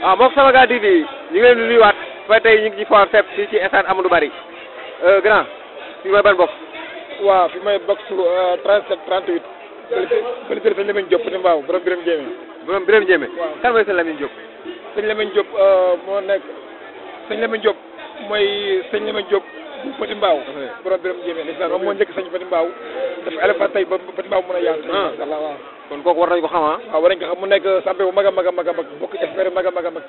waaw ah, mbokk sama gaa TV ñu ngi leen di nuyuwaat fa tey ñu ngi ci foire fépp fii ci stade Amadou Barry euh, grand fi may ban box waaw fi may box 37 38 fële fële sëñ Lamine Diop ni mbaaw borom Birame Jéeme borom Jéeme kan mooy sëñ Lamine Diop sëñ Lamine Diop euh, moo nekk sëñ Lamine Diop mooy sëñ Lamine Diop bu Fati Mbaaw ah, borom Birame Jéeme moo njëkk sëñ Fati kon kooku war nañ ko xam ah. waaw war nañ ko xam mu nekk sàmpe bu mag a mag a mag a mag bokk expert mag a mag a mag.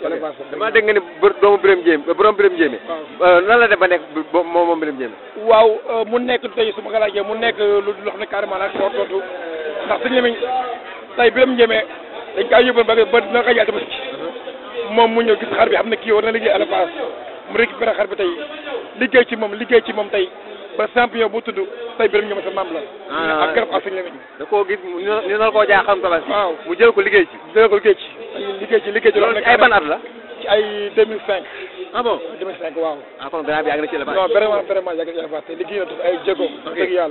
damaa dégg nga ni doomu Birame Ndiémé eh, borom Birame Ndiémé. waaw eh, eh, nan la def ba nekk moom moom waaw mu nekk tey su ma mu nekk lu loo xam ne carrément nag soo tontu ndax suñu lemiñ tey Birame Ndiémé dañ moom mu ñëw gis xar bi xam ne kii war na liggéey à la base mu récupéré xar bi tey liggéey ci moom liggéey ci moom tey ba champion bu tudd say biram ñoom sa maam la. ak garab ak suñu la da koo gis ñu ñu nar koo jaaxal mu jël ko liggéey ci. jël ko liggéey ci. liggéey ban la. ci ay 2005. ah bon 2005 waaw. ah kon grand bi yàgg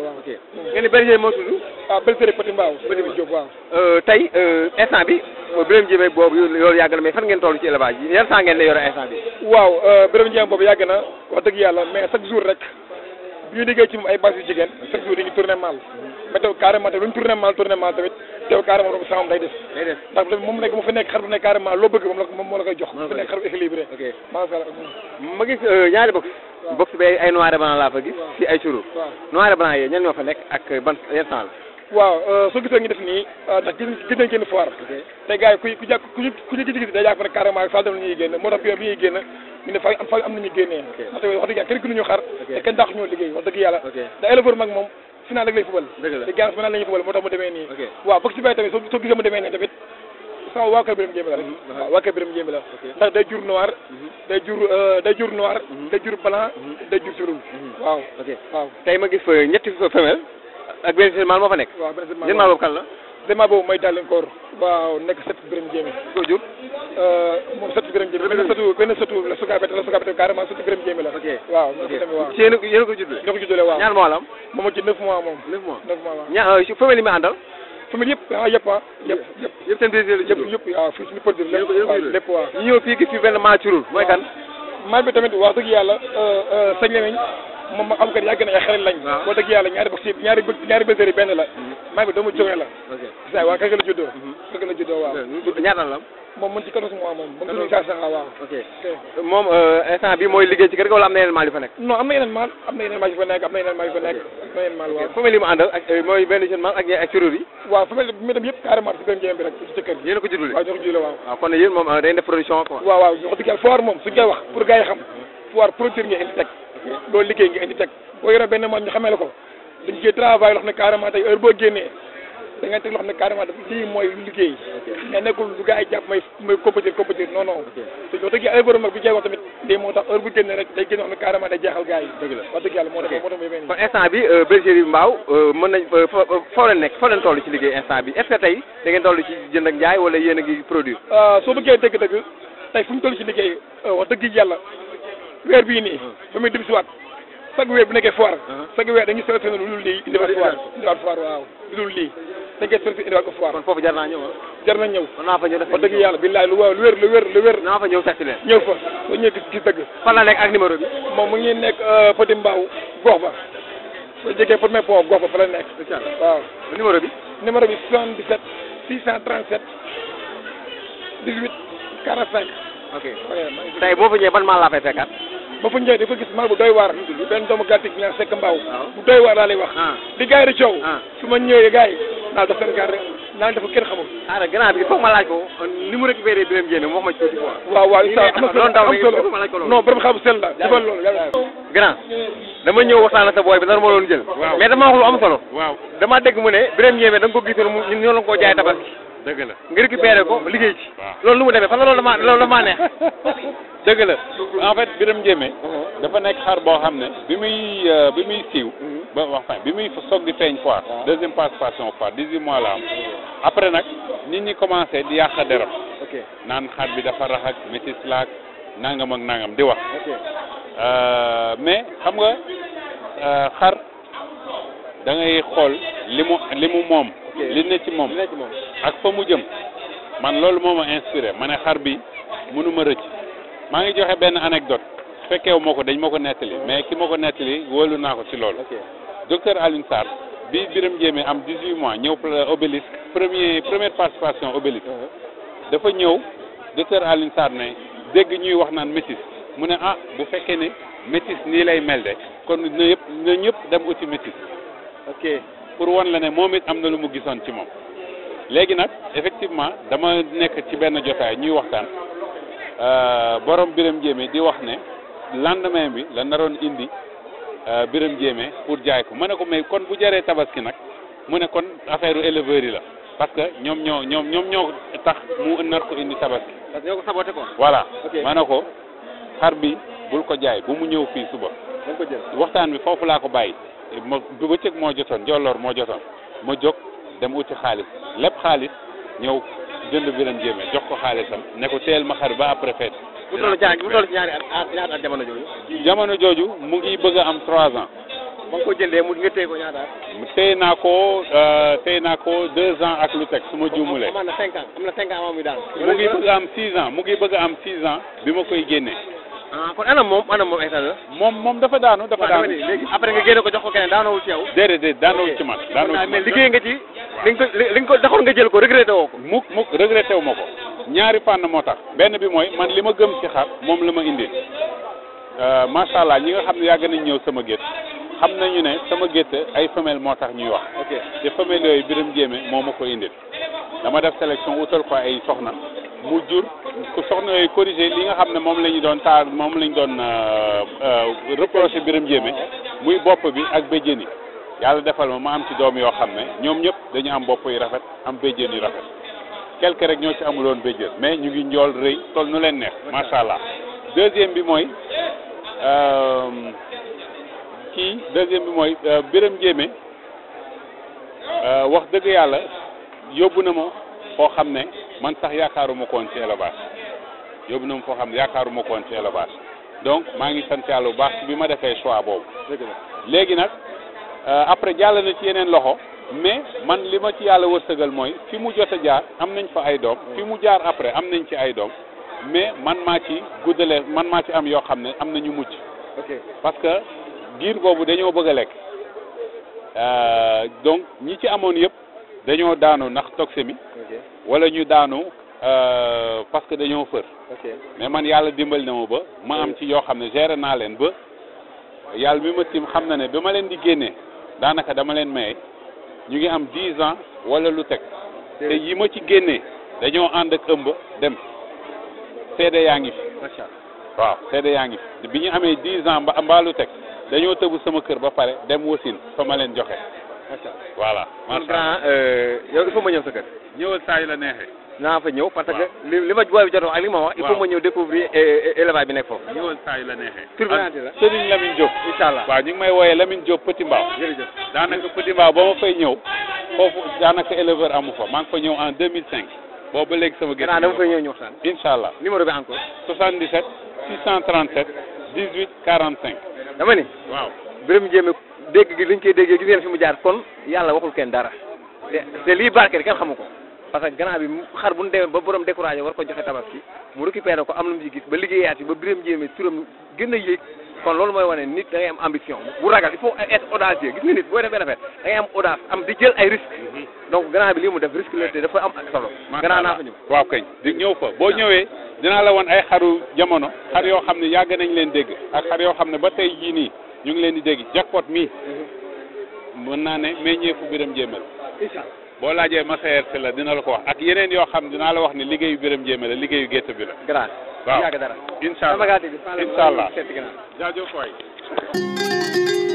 na ni bergerie moo tudd. ah bergerie Petit Mbao. Petit Mbao Diop waaw. Euh, euh, bi. Euh, Birame Ndiémé boobu loolu yàgg na mais fan ngeen toll ci élevage yi yan saa ngeen lay yore bi. waaw Birame Ndiémé boobu yàgg na wax dëgg yàlla mais chaque jour rek bi ñu liggéey ci moom ay bas yu jigéen chaque jour dañuy tourné mal mais tew carrément tamit lu ñu tourné mal tamit tew carrément robu bëgg moom la koy jox mu ma gis euh, ñaari box box bi ay noir et laa fa gis si ay suro noir et blanc ñan ñoo fa nekk ak ban yan temps la waaw euh, euh, ñuy génn moo tax bi ñuy génn ñu ne fay am fay am nañu génnee ndaxte wax dëgg yàlla kenn gënuñu xar te kenn dàq wax dëgg yàlla da éleveur mag moom final rek lay fubal te gàncax final la ñuy moo tax mu demee nii waaw bëgg si bàyyi tamit soo gisee mu demee nii tamit sama mhm. waaw kër biram jéembi la ndax day jur noir mhm. euh, day jur noir mhm. day jur blanc day jur si rouge waaw waaw ma gis euh, ñetti femelle ak benn mâle moo fa nekk waaw benn mâle boobu la élément boobu mooy Dallinkoor waaw nekk sët Birame Ndiémé. ko jur euh, moom sët Birame Ndiémé. benn sëtu benn sëtu la Souga Bete la Souga Bete carrément sëtu Birame Ndiémé la. ok waaw ok si yéen a yéen a ko juddale. yéen a ko juddale waaw ñaar mois la am. moom ci neuf mois moom. neuf mois neuf mois waaw. ñaar euh, famille yi ma àndal. famille yëpp ah yëpp ah. yëpp yëpp yëpp seen biir yëpp yëpp waaw fii suñu produit lépp waaw lépp waaw. ñu ñëw fii gis fi benn maa curul mooy kan. maa bi tamit wax dëgg yàlla euh, sëñ Lamiñ moom ma xam kat yàgg nañ ay xarit lañ boo ah. dëgg yàlla ñaari bokk si ñaari ñaari bësër yi benn la mm-hmm. maa ngi doomu jógee la sa waaw kaka la juddoo mm-hmm. kaka la juddoo waaw ñaata la moom mën ci quatorze mois moom moom suñu saa saa waaw ok moom euh, instant bi mooy liggéey ci kër gi wala am na yeneen maal yu fa nekk non am na yeneen maal am na yeneen maal yu fa nekk am na yeneen maal yu fa nekk am na yeneen maal waaw famille mu àndal ak euh, mooy benn jeune maal ak ñe ak curóor yi waaw famille bi mu dem yëpp carrément si benn bi rek ci ci kër gi yéen ko juddule waaw ñoo ko juddule waaw waaw ah, kon yéen moom euh, day def production quoi waaw waaw ñoo ko digal foire moom suñ koy wax pour gars yi xam mm-hmm. foire producteur nga indi teg loolu liggéey nga indi teg boo yoree benn moom ñu xamee la ko dañ ciy travail xam ne carrément tey heure boo génnee da teg loo xam ne carrément dafa mooy liggéey mais nekkul lu gars yi jàpp may may compétir compétir non non te wax dëgg moo tax heure bu génnee rek day génn wax ne carrément day jeexal gars yi dëgg la wax dëgg yàlla moo tax moo tax muy bi euh, bergerie Mbao euh, mën nañ euh, foo leen nekk foo leen ci liggéey instant weer bii nii ah. ba muy dim si waat chaque weer bu nekkee foire ah. chaque weer dañuy sélectionné lu dul lii indiwaat foire indiwaat foire waaw lu dul lii dañ koy sélectionné indiwaat ko foire kon foofu jar naa ñëw ah. jar na ñëw naa fa ñëw wax dëgg yàlla billaay lu waaw lu wér lu wér lu wér naa fa ñëw seet leen ñëw fa soo ñëwee gis gis dëgg fan la nekk ak numéro bi moom mu ngi nekk euh, Petit Mbao gox ba soo jegee premier pont gox ba fa la nekk waaw numéro bi numéro bi 77 637 18 45 ok tey boo fa ñëwee ban maa laa fay fekkaat ba fa ñëwee dafa gis mal bu doy waar benn doomu gàttik ñaa sekk mbaaw bu doy waar laa lay wax ah. di gars yi di coow ah. su ma ñëwee gars yi naa dafa leen gaar rek naa dafa kenn xamul ara grand bi foog ma laaj ko ni mu récupéré bi leen génne wax ma ci tuuti quoi waaw waaw incha allah am xam sel la defal loolu grand dama ñëw waxtaan sa booy bi dara dama dégg mu ne Birame Ndiémé da nga ko gisoon ñun ñoo la ko jaay tabaski dëgg la nga récupéré ko liggéey ci. loolu lu mu demee parce loolu damaa loolu damaa dëgg la en fait Birame Ndiémé. Uh-huh. dafa nekk xar boo xam ne. bi muy euh, bi muy siiw. Uh-huh. ba wax bi muy soog di feeñ foire. Uh-huh. deuxième participation foire dix huit mois la am. après nag nit ñi commencé di yàq deram. ok naan xar bi dafa rax ak métis laak nangam ak nangam di wax. Euh, mais xam nga euh, xar da ngay li mu li mu moom. li ne ci moom ak fa mu jëm man loolu moo ma inspiré ma ne xar bi mënuma rëcc maa ngi joxe benn anecdote fekkeewu ma ko dañ ma ko nettali mais ki ma ko nettali wóolu naa ko ci loolu docteur Alioune Sarr bi Birame Ndiémé am 18 mois ñëw obélisque premier première participation obélisque uh-huh. dafa ñëw docteur Alioune Sarr ne dégg ñuy wax naan métis mu ne ah bu fekkee ne métis nii lay mel de kon na yëpp na ñëpp dem uti métis pour wan la ne moom it am na lu mu gisoon ci moom léegi nag effectivement dama nekk ci benn jotaay ñuy waxtaan euh, borom biram Ndiémé di wax ne lendemain bi la naroon indi euh, biram njéemé pour jaay ko ma ne ko mais kon bu jaree tabaski nag mu ne kon affaire éleveurs yi la parce que ñoom ñoo ñoom ñoom ñoo tax mu nar ko indi tabaski. parce que ñoo ko saboté ko. voilà ma ne ko xar bi bul ko jaay bu mu ñëw fii suba. waxtaan bi foofu laa ko bàyyi. ma bëccëg moo jotoon jolloor moo jotoon ma jóg dem uti xaalis lépp xaalis ñëw jënd biram jéeme jox ko xaalisam ne ko teel ma xar ba après fête mu toll ci ñaari at at jamono jooju jamono jooju mu ngi bëgg a am trois ans ba nga ko jëndee mu nga téye ko ñaata at téye naa ko téye naa ko deux ans ak lu teg su ma juumulee am na cinq ans am na cinq ans avant muy daal mu ngi bëgg a am six ans mu ngi bëgg a am six ans bi ma koy génnee ah kon anam moom anam moom instant moom moom dafa daanu dafa daanu léegi après nga génne ko jox ko keneen daanowul ci man daanowul ah, ci man liggéey nga ci li nga ko li nga ko daxoon nga jël ko regretté woo ko mukk mukk regretté ko ñaari fànn moo tax benn bi mooy man li ma gëm ci xar moom la ma indi euh, macha allah ñi nga xam ne yàgg nañ ñëw sama gét xam nañu ne sama gét ay femelle moo tax ñuy wax te femelle yooyu biram jéeme moo ma ko indil dama def sélection wutal ko ay soxna mu jur ku soxna yooyu corrigé li nga xam ne moom la ñu doon taar moom la ñu doon euh, euh, reproché Birame Ndiémé muy bopp bi ak béjjén yi yàlla defal ma ma am ci doom yoo xam ne ñoom ñëpp dañu am bopp yu rafet am béjjén yu rafet quelque rek ñoo ci amuloon béjjén mais ñu ngi njool rëy toll nu leen neex macha allah deuxième bi mooy euh, kii deuxième bi mooy Birame Ndiémé wax dëgg yàlla yóbbu na ma foo xam ne. man sax yaakaaruma koon ci élevage yóbbu na mu foo xam ne yaakaaruma koon ci élevage donc maa ngi sant yàlla bu baax bi ma defee choix boobu léegi nag euh, après jàll na ci yeneen loxo mais man li ma ci yàlla wërsëgal mooy fi mu jot a jaar am nañ fa ay doom mm. fi mu jaar après am nañ ci ay doom mais man maa ci guddalee man maa ci am yoo xam ne am nañu mucc parce que giir boobu dañoo bëgg a lekk euh, donc ñi ci amoon yëpp dañoo daanu ndax toxémie wala ñu daanu euh, parce que dañoo fër mais man yàlla dimbali na ma ba ma am ci yoo xam ne géré naa leen ba yàlla mi ma tim xam na ne bi ma leen di génnee daanaka dama leen maye ñu ngi am dix ans wala lu teg te yi ma ci génne dañoo ànd ak ëmb dem seede yaa ngi fi waaw seede yaa ngi fi bi ñu amee dix ans mbaa lu teg dañoo tëbu sama kër ba pare dem wasin fa ma leen joxe macha allah voilà. macha allah euh, yow il faut ma ñëw sa kër. ñëwal saa yu la neexee. naa fa ñëw parce que li li ma ma wax. il faut ma ñëw découvrir euh, euh, élevage bi nekk la neexee. tur bi naan la daanaka Petit Mbao ba ma fay daanaka éleveur amu fa maa fa ñëw en 2005. boobu ba léegi sama gerte. gannaaw dama fay ñëw ñu waxtaan. incha allah numéro bi encore. 77 637 18 45. dama ni. waaw Birame Diémé dégg gi liñ koy déggee gis ngeen fi mu jaar kon yàlla waxul kenn dara te te lii barkeel kenn xamu ko parce que gannaaw bi xar bu ñu demee ba borom découragé war ko joxe tabaski mu récupéré ko am lu mu ci ba liggéeyaat yi ba biram jéeme turam gën yéeg kon loolu mooy wane nit da ngay am ambition bu ragal il faut être audacieux gis nga nit booy def benn affaire da am audace am di jël ay risques donc gannaaw bi lii mu def risque la dafa am ak solo gannaaw naa fa ñëw waaw kay di ñëw fa boo ñëwee dinaa la woon ay jamono xar yoo xam ne yàgg nañ leen dégg ak xar yoo xam ne ba tey jii ñu ngi leen di dégg jackpot mi mhm. mën naa ne meññeefu biram jéemel boo laajee masayer si la dina la ko wax ak yeneen yoo xam dinaa la wax ne liggéeyu biram jéemel la liggéeyu gétt bi la grâce waaw incha allah incha allah jaajëf waay